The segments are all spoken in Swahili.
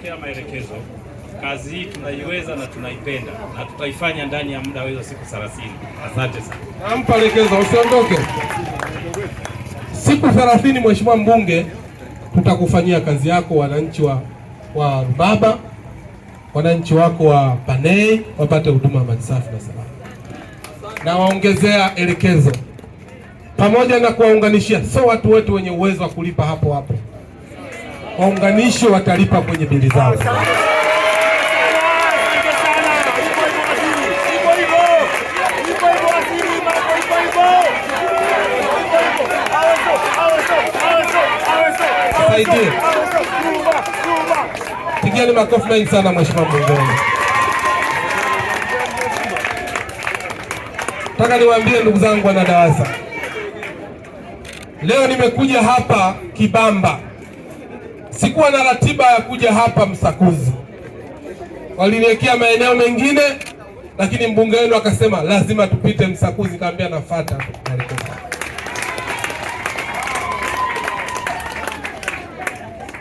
tumepokea maelekezo. Kazi hii tunaiweza na tunaipenda na tutaifanya ndani ya muda wa hizo siku 30. Asante sana. Nampa elekezo usiondoke. Siku 30, Mheshimiwa Mbunge, tutakufanyia kazi yako, wananchi wa, wa Rubaba, wananchi wako wa Panei wapate huduma ya maji safi na salama. Nawaongezea elekezo pamoja na kuwaunganishia, sio watu wetu wenye uwezo wa kulipa hapo hapo waunganishi watalipa kwenye bili zao. Pigeni makofi mengi sana mheshimiwa mbunge. Nataka niwaambie ndugu zangu wana Dawasa, leo nimekuja hapa Kibamba Sikuwa na ratiba ya kuja hapa Msakuzi, waliniwekea maeneo mengine, lakini mbunge wenu akasema lazima tupite Msakuzi, kaambia nafata.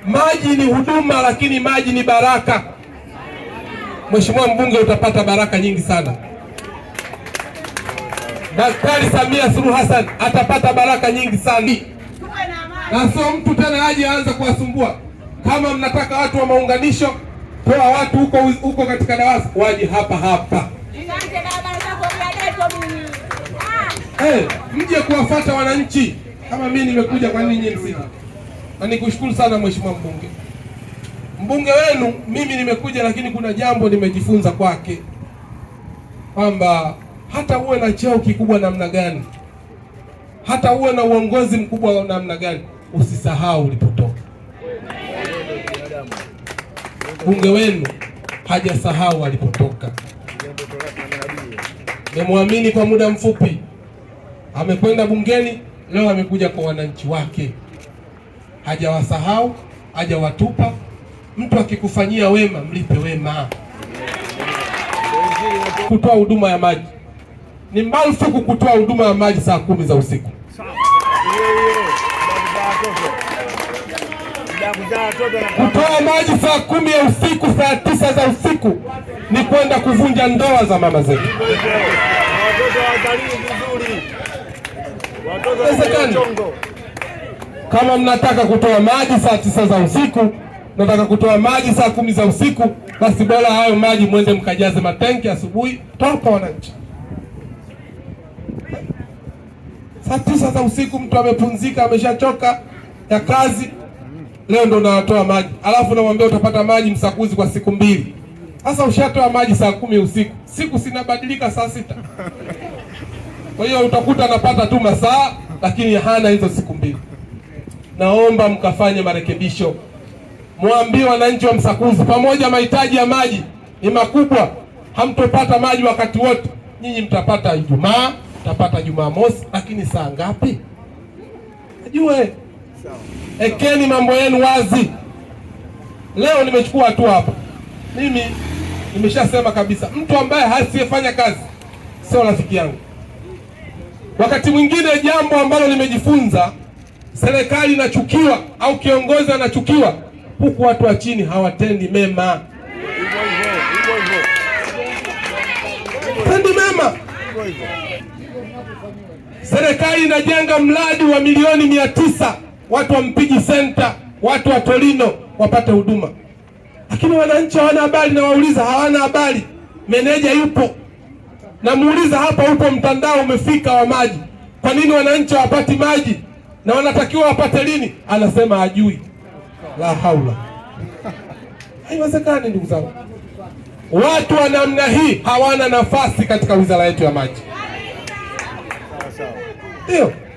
Maji ni huduma, lakini maji ni baraka. Mheshimiwa mbunge, utapata baraka nyingi sana. Daktari Samia Suluhu Hassan atapata baraka nyingi sana, na sio mtu tena aje anza kuwasumbua. Kama mnataka watu wa maunganisho, toa watu huko huko katika DAWASA waje hapa hapa hey, ah. eh, mje kuwafata wananchi. Kama mimi nimekuja, kwa nini nyinyi Na nikushukuru sana mheshimiwa mbunge, mbunge wenu. Mimi nimekuja, lakini kuna jambo nimejifunza kwake kwamba hata uwe na cheo kikubwa namna gani, hata uwe na uongozi mkubwa namna gani, usisahau ulipotoka. Mbunge wenu hajasahau alipotoka. Memwamini kwa muda mfupi, amekwenda bungeni, leo amekuja kwa wananchi wake. Hajawasahau, hajawatupa. Mtu akikufanyia wema, mlipe wema. Kutoa huduma ya maji ni marufuku, kutoa huduma ya maji saa kumi za usiku. Kutoa maji saa kumi ya usiku, saa tisa za usiku ni kwenda kuvunja ndoa za mama zetu. Kama mnataka kutoa maji saa tisa za usiku, nataka kutoa maji saa kumi za usiku, basi bora hayo maji mwende mkajaze matenki asubuhi, toka wananchi. Saa tisa za usiku mtu amepunzika, ameshachoka ya kazi leo ndo nawatoa maji, alafu namwambia utapata maji msakuzi kwa siku mbili. Sasa ushatoa maji saa kumi usiku, siku sinabadilika saa sita. Kwa hiyo utakuta anapata tu masaa, lakini hana hizo siku mbili. Naomba mkafanye marekebisho, mwambie wananchi wa Msakuzi, pamoja mahitaji ya maji ni makubwa, hamtopata maji wakati wote. Nyinyi mtapata Ijumaa, mtapata Jumamosi, lakini saa ngapi? Najue. Ekeni mambo yenu wazi. Leo nimechukua hatua hapa. Mimi nimeshasema kabisa, mtu ambaye hasiyefanya kazi sio rafiki yangu. Wakati mwingine jambo ambalo nimejifunza, serikali inachukiwa au kiongozi anachukiwa, huku watu wa chini hawatendi mema. Tendi mema. Serikali inajenga mradi wa milioni mia tisa watu wa Mpiji senta, watu wa Torino wapate huduma, lakini wananchi hawana habari. Nawauliza, hawana habari. Meneja yupo, namuuliza hapa, upo mtandao umefika wa maji, kwa nini wananchi hawapati maji na wanatakiwa wapate lini? Anasema hajui. La haula, haiwezekani ndugu zangu. Watu wa namna hii hawana nafasi katika wizara yetu ya maji, ndio.